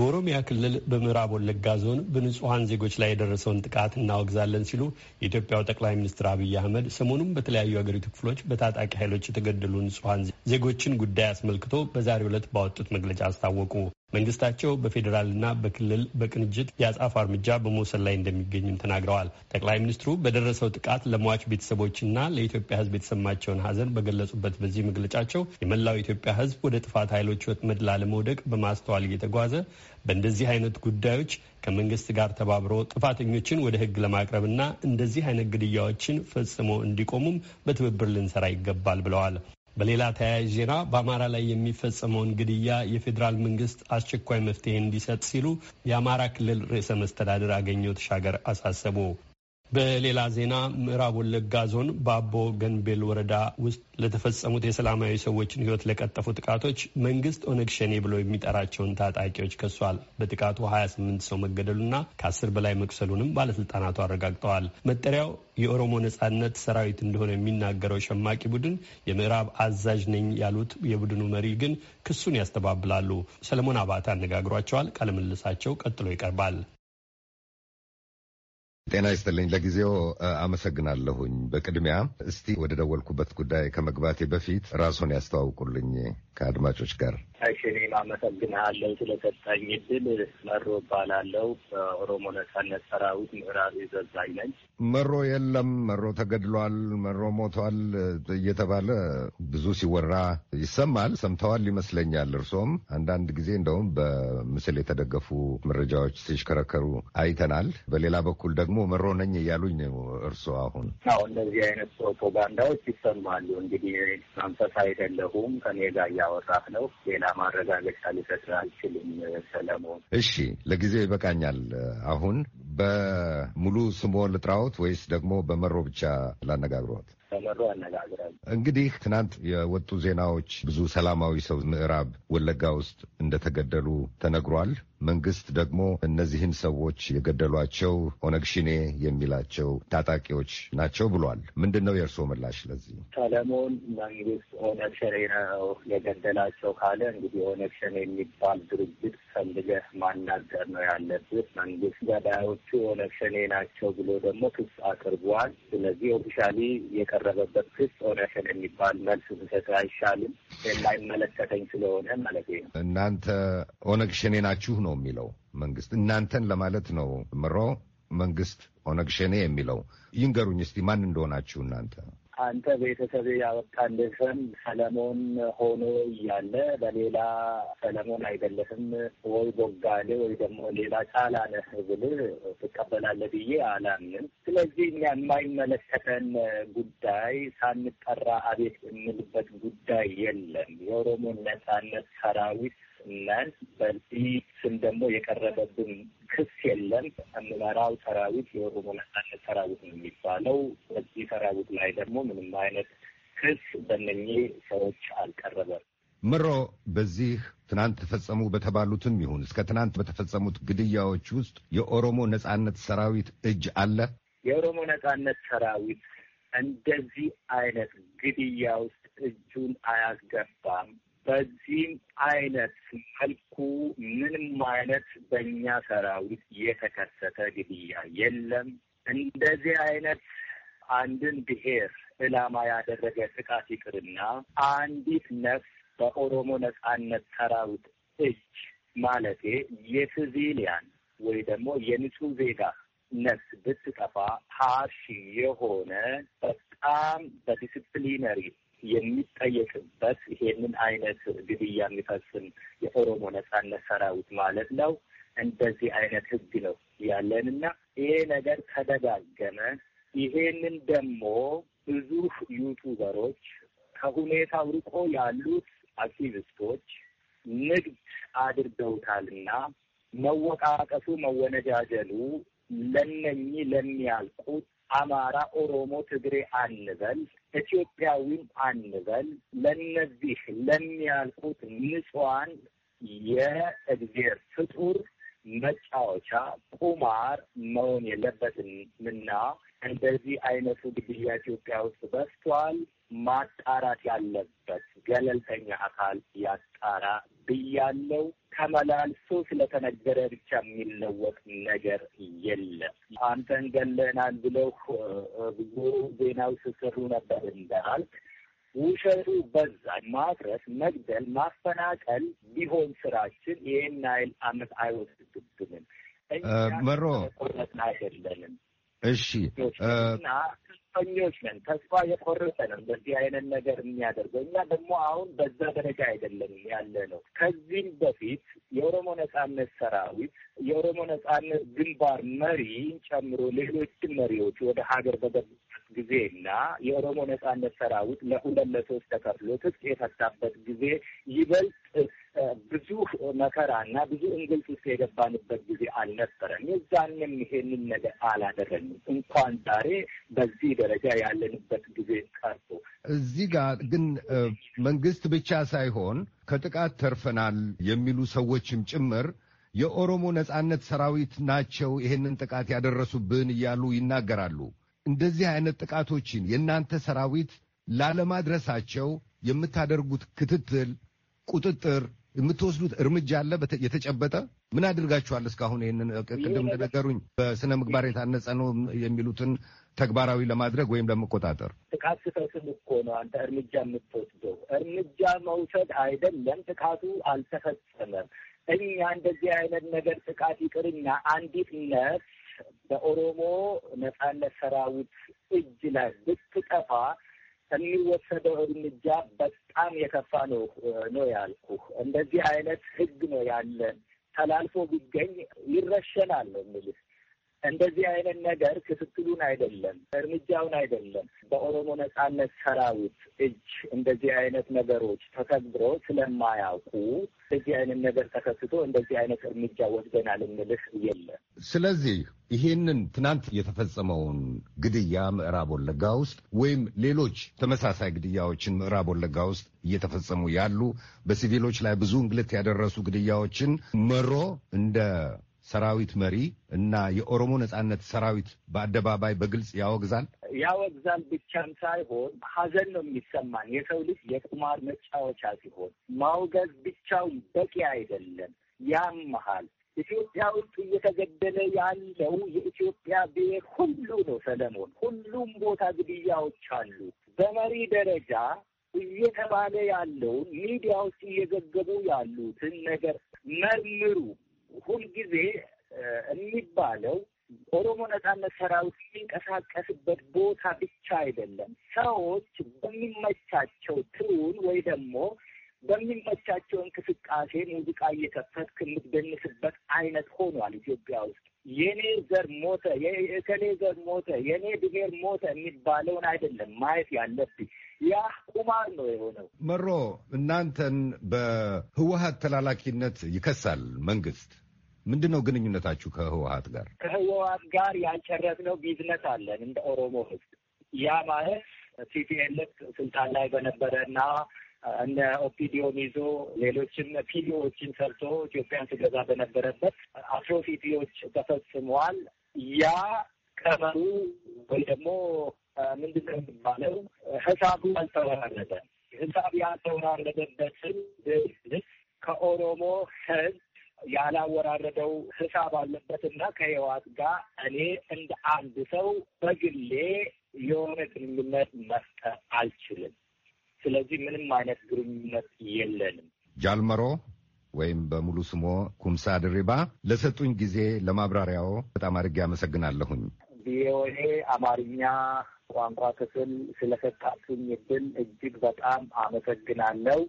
በኦሮሚያ ክልል በምዕራብ ወለጋ ዞን በንጹሐን ዜጎች ላይ የደረሰውን ጥቃት እናወግዛለን ሲሉ የኢትዮጵያው ጠቅላይ ሚኒስትር አብይ አህመድ ሰሞኑም በተለያዩ ሀገሪቱ ክፍሎች በታጣቂ ኃይሎች የተገደሉ ንጹሐን ዜጎችን ጉዳይ አስመልክቶ በዛሬው ዕለት ባወጡት መግለጫ አስታወቁ። መንግስታቸው በፌዴራልና በክልል በቅንጅት የአጻፋ እርምጃ በመውሰድ ላይ እንደሚገኝም ተናግረዋል። ጠቅላይ ሚኒስትሩ በደረሰው ጥቃት ለሟች ቤተሰቦችና ለኢትዮጵያ ሕዝብ የተሰማቸውን ሐዘን በገለጹበት በዚህ መግለጫቸው የመላው ኢትዮጵያ ሕዝብ ወደ ጥፋት ኃይሎች ወጥመድ ላለመውደቅ በማስተዋል እየተጓዘ በእንደዚህ አይነት ጉዳዮች ከመንግስት ጋር ተባብሮ ጥፋተኞችን ወደ ሕግ ለማቅረብና እንደዚህ አይነት ግድያዎችን ፈጽሞ እንዲቆሙም በትብብር ልንሰራ ይገባል ብለዋል። በሌላ ተያያዥ ዜና በአማራ ላይ የሚፈጸመውን ግድያ የፌዴራል መንግስት አስቸኳይ መፍትሄ እንዲሰጥ ሲሉ የአማራ ክልል ርዕሰ መስተዳድር አገኘሁ ተሻገር አሳሰቡ። በሌላ ዜና ምዕራብ ወለጋ ዞን በአቦ ገንቤል ወረዳ ውስጥ ለተፈጸሙት የሰላማዊ ሰዎችን ሕይወት ለቀጠፉ ጥቃቶች መንግስት ኦነግ ሸኔ ብሎ የሚጠራቸውን ታጣቂዎች ከሷል። በጥቃቱ 28 ሰው መገደሉና ከ10 በላይ መቁሰሉንም ባለስልጣናቱ አረጋግጠዋል። መጠሪያው የኦሮሞ ነጻነት ሰራዊት እንደሆነ የሚናገረው ሸማቂ ቡድን የምዕራብ አዛዥ ነኝ ያሉት የቡድኑ መሪ ግን ክሱን ያስተባብላሉ። ሰለሞን አባተ አነጋግሯቸዋል። ቃለምልሳቸው ቀጥሎ ይቀርባል። ጤና ይስጥልኝ። ለጊዜው አመሰግናለሁኝ። በቅድሚያ እስቲ ወደ ደወልኩበት ጉዳይ ከመግባቴ በፊት ራስዎን ያስተዋውቁልኝ ከአድማጮች ጋር። እሺ፣ እኔም አመሰግናለሁ ስለሰጠኝ እድል። መሮ እባላለሁ። በኦሮሞ ነጻነት ሰራዊት ምዕራብ ዘዛኝ ነኝ። መሮ የለም፣ መሮ ተገድሏል፣ መሮ ሞቷል እየተባለ ብዙ ሲወራ ይሰማል። ሰምተዋል ይመስለኛል። እርሶም አንዳንድ ጊዜ እንደውም በምስል የተደገፉ መረጃዎች ሲሽከረከሩ አይተናል። በሌላ በኩል ደግሞ ደግሞ መሮ ነኝ እያሉኝ ነው። እርስዎ አሁን አሁ እንደዚህ አይነት ፕሮፓጋንዳዎች ይሰማሉ። እንግዲህ አንፈሳ አይደለሁም ከኔ ጋር እያወራህ ነው። ሌላ ማረጋገጫ ልሰጥ አልችልም ሰለሞን። እሺ ለጊዜው ይበቃኛል። አሁን በሙሉ ስሞ ልጥራዎት ወይስ ደግሞ በመሮ ብቻ ላነጋግሮት? ተመሩ አነጋግራል። እንግዲህ ትናንት የወጡ ዜናዎች ብዙ ሰላማዊ ሰው ምዕራብ ወለጋ ውስጥ እንደተገደሉ ተነግሯል። መንግስት ደግሞ እነዚህን ሰዎች የገደሏቸው ኦነግ ሽኔ የሚላቸው ታጣቂዎች ናቸው ብሏል። ምንድን ነው የእርስዎ ምላሽ ለዚህ? ሰለሞን መንግስት ኦነግ ሸኔ ነው የገደላቸው ካለ እንግዲህ ኦነግ ሸኔ የሚባል ድርጅት ፈልገህ ማናገር ነው ያለበት። መንግስት ገዳዮቹ ኦነግ ሸኔ ናቸው ብሎ ደግሞ ክስ አቅርቧል። ስለዚህ ኦፊሻሊ የቀ በቀረበበት ክስ ኦነሽን የሚባል መልስ ብሰጥ አይሻልም? የማይመለከተኝ ስለሆነ ማለት ነው። እናንተ ኦነግ ሸኔ ናችሁ ነው የሚለው መንግስት። እናንተን ለማለት ነው ምሮ መንግስት ኦነግ ሸኔ የሚለው ይንገሩኝ እስቲ ማን እንደሆናችሁ እናንተ። አንተ ቤተሰብ ያወጣልህ ስም ሰለሞን ሆኖ እያለ በሌላ ሰለሞን አይደለህም ወይ ቦጋሌ ወይ ደግሞ ሌላ ጫላ ነህ ብልህ ትቀበላለህ ብዬ አላምንም። ስለዚህ እኛ የማይመለከተን ጉዳይ ሳንጠራ አቤት የምልበት ጉዳይ የለም። የኦሮሞን ነጻነት ሰራዊት እናን በዚህ ስም ደግሞ የቀረበብን ክስ የለም። አመራራው ሰራዊት የኦሮሞ ነጻነት ሰራዊት ነው የሚባለው። በዚህ ሰራዊት ላይ ደግሞ ምንም አይነት ክስ በእነኚህ ሰዎች አልቀረበም። ምሮ በዚህ ትናንት ተፈጸሙ በተባሉትም ይሁን እስከ ትናንት በተፈጸሙት ግድያዎች ውስጥ የኦሮሞ ነጻነት ሰራዊት እጅ አለ። የኦሮሞ ነጻነት ሰራዊት እንደዚህ አይነት ግድያ ውስጥ እጁን አያስገባም። በዚህም አይነት መልኩ ምንም አይነት በእኛ ሰራዊት የተከሰተ ግድያ የለም። እንደዚህ አይነት አንድን ብሔር ዕላማ ያደረገ ጥቃት ይቅርና አንዲት ነፍስ በኦሮሞ ነጻነት ሰራዊት እጅ ማለቴ የሲቪሊያን ወይ ደግሞ የንጹህ ዜጋ ነፍስ ብትጠፋ ሀሺ የሆነ በጣም በዲስፕሊነሪ የሚጠየቅበት ይሄንን አይነት ግድያ የሚፈጽም የኦሮሞ ነጻነት ሰራዊት ማለት ነው። እንደዚህ አይነት ህግ ነው ያለንና ይሄ ነገር ተደጋገመ። ይሄንን ደግሞ ብዙ ዩቱበሮች ከሁኔታው ርቆ ያሉት አክቲቪስቶች ንግድ አድርገውታልና መወቃቀሱ፣ መወነጃጀሉ ለነኚህ ለሚያልቁት አማራ፣ ኦሮሞ፣ ትግሬ አንበል ኢትዮጵያዊም አንበል ለነዚህ ለሚያልቁት ንጹሐን የእግዜር ፍጡር መጫወቻ ቁማር መሆን የለበትም እና እንደዚህ አይነቱ ግድያ ኢትዮጵያ ውስጥ በስቷል። ማጣራት ያለበት ገለልተኛ አካል ያጣራ ብያለው። ተመላልሶ ስለተነገረ ብቻ የሚለወጥ ነገር የለም። አንተን ገለናል ብለው ብዙ ዜናው ስስሩ ነበር እንዳልክ ውሸቱ በዛ። ማፍረስ፣ መግደል፣ ማፈናቀል ቢሆን ስራችን ይህን ያህል አመት አይወስድም። መሮ ቆነት አይደለንም። እሺ እና ተስፈኞች ነን። ተስፋ የቆረጠ ነው እንደዚህ አይነት ነገር የሚያደርገው እኛ ደግሞ አሁን በዛ ደረጃ አይደለም ያለ ነው። ከዚህም በፊት የኦሮሞ ነጻነት ሰራዊት የኦሮሞ ነጻነት ግንባር መሪን ጨምሮ ሌሎችን መሪዎች ወደ ሀገር በገቡ ጊዜና የኦሮሞ ነጻነት ሰራዊት ለሁለት ለሶስት ተከፍሎ ትጥቅ የፈታበት ጊዜ ይበልጥ ብዙ መከራና ብዙ እንግልት ውስጥ የገባንበት ጊዜ አልነበረም። የዛንም ይሄንን ነገር አላደረግንም። እንኳን ዛሬ በዚህ ደረጃ ያለንበት ጊዜ ቀርቶ እዚህ ጋር ግን መንግስት ብቻ ሳይሆን ከጥቃት ተርፈናል የሚሉ ሰዎችም ጭምር የኦሮሞ ነጻነት ሰራዊት ናቸው ይሄንን ጥቃት ያደረሱብን እያሉ ይናገራሉ። እንደዚህ አይነት ጥቃቶችን የእናንተ ሰራዊት ላለማድረሳቸው የምታደርጉት ክትትል፣ ቁጥጥር፣ የምትወስዱት እርምጃ አለ የተጨበጠ? ምን አድርጋችኋል እስካሁን? ይህንን ቅድም እንደነገሩኝ በስነ ምግባር የታነጸ ነው የሚሉትን ተግባራዊ ለማድረግ ወይም ለመቆጣጠር ጥቃት ስተስም እኮ ነው አንተ እርምጃ የምትወስደው። እርምጃ መውሰድ አይደለም ጥቃቱ አልተፈጸመም። እኛ እንደዚህ አይነት ነገር ጥቃት ይቅርና አንዲት ነፍስ በኦሮሞ ነጻነት ሰራዊት እጅ ላይ ብትጠፋ የሚወሰደው እርምጃ በጣም የከፋ ነው ነው ያልኩ። እንደዚህ አይነት ህግ ነው ያለ ተላልፎ ቢገኝ ይረሸናል ነው የሚልህ እንደዚህ አይነት ነገር ክትትሉን አይደለም እርምጃውን አይደለም በኦሮሞ ነጻነት ሰራዊት እጅ እንደዚህ አይነት ነገሮች ተከብሮ ስለማያውቁ እንደዚህ አይነት ነገር ተከስቶ እንደዚህ አይነት እርምጃ ወስደናል እንልህ የለም። ስለዚህ ይሄንን ትናንት የተፈጸመውን ግድያ ምዕራብ ወለጋ ውስጥ ወይም ሌሎች ተመሳሳይ ግድያዎችን ምዕራብ ወለጋ ውስጥ እየተፈጸሙ ያሉ በሲቪሎች ላይ ብዙ እንግልት ያደረሱ ግድያዎችን መሮ እንደ ሰራዊት መሪ እና የኦሮሞ ነጻነት ሰራዊት በአደባባይ በግልጽ ያወግዛል። ያወግዛል ብቻም ሳይሆን ሀዘን ነው የሚሰማን። የሰው ልጅ የቁማር መጫወቻ ሲሆን ማውገዝ ብቻውን በቂ አይደለም። ያም ኢትዮጵያ ውስጥ እየተገደለ ያለው የኢትዮጵያ ብሔር ሁሉ ነው ሰለሞን። ሁሉም ቦታ ግድያዎች አሉ። በመሪ ደረጃ እየተባለ ያለውን ሚዲያ ውስጥ እየዘገቡ ያሉትን ነገር መርምሩ። ሁልጊዜ የሚባለው ኦሮሞ ነጻነት ሰራዊት የሚንቀሳቀስበት ቦታ ብቻ አይደለም። ሰዎች በሚመቻቸው ትሩን ወይ ደግሞ በሚመቻቸው እንቅስቃሴ ሙዚቃ እየከፈትክ የምትደንስበት አይነት ሆኗል ኢትዮጵያ ውስጥ። የኔ ዘር ሞተ፣ የእከሌ ዘር ሞተ፣ የኔ ብሔር ሞተ የሚባለውን አይደለም ማየት ያለብኝ። ያ ቁማር ነው የሆነው። መሮ እናንተን በህወሀት ተላላኪነት ይከሳል መንግስት። ምንድን ነው ግንኙነታችሁ ከህወሀት ጋር? ከህወሀት ጋር ያልጨረስነው ቢዝነስ አለን እንደ ኦሮሞ ህዝብ። ያ ማለት ሲፒኤልፍ ስልጣን ላይ በነበረና እነ ኦፒዲዮን ይዞ ሌሎችም ፒዲዮዎችን ሰርቶ ኢትዮጵያን ትገዛ በነበረበት አፍሮ ፊዲዮች ተፈጽመዋል። ያ ቀመሩ ወይ ደግሞ ምንድን ነው የሚባለው ህሳቡ ያልተወራረደ ህሳብ ያልተወራረደበትን ከኦሮሞ ህዝብ ያላወራረደው ህሳብ አለበትና ከህወሓት ጋር እኔ እንደ አንድ ሰው በግሌ የሆነ ግንኙነት መፍጠር አልችልም። ስለዚህ ምንም አይነት ግንኙነት የለንም። ጃልመሮ ወይም በሙሉ ስሞ ኩምሳ ድሪባ ለሰጡኝ ጊዜ ለማብራሪያው በጣም አድርጌ አመሰግናለሁኝ። ቪኦኤ አማርኛ ቋንቋ ክፍል ስለሰጣችኝ እድል እጅግ በጣም አመሰግናለሁ።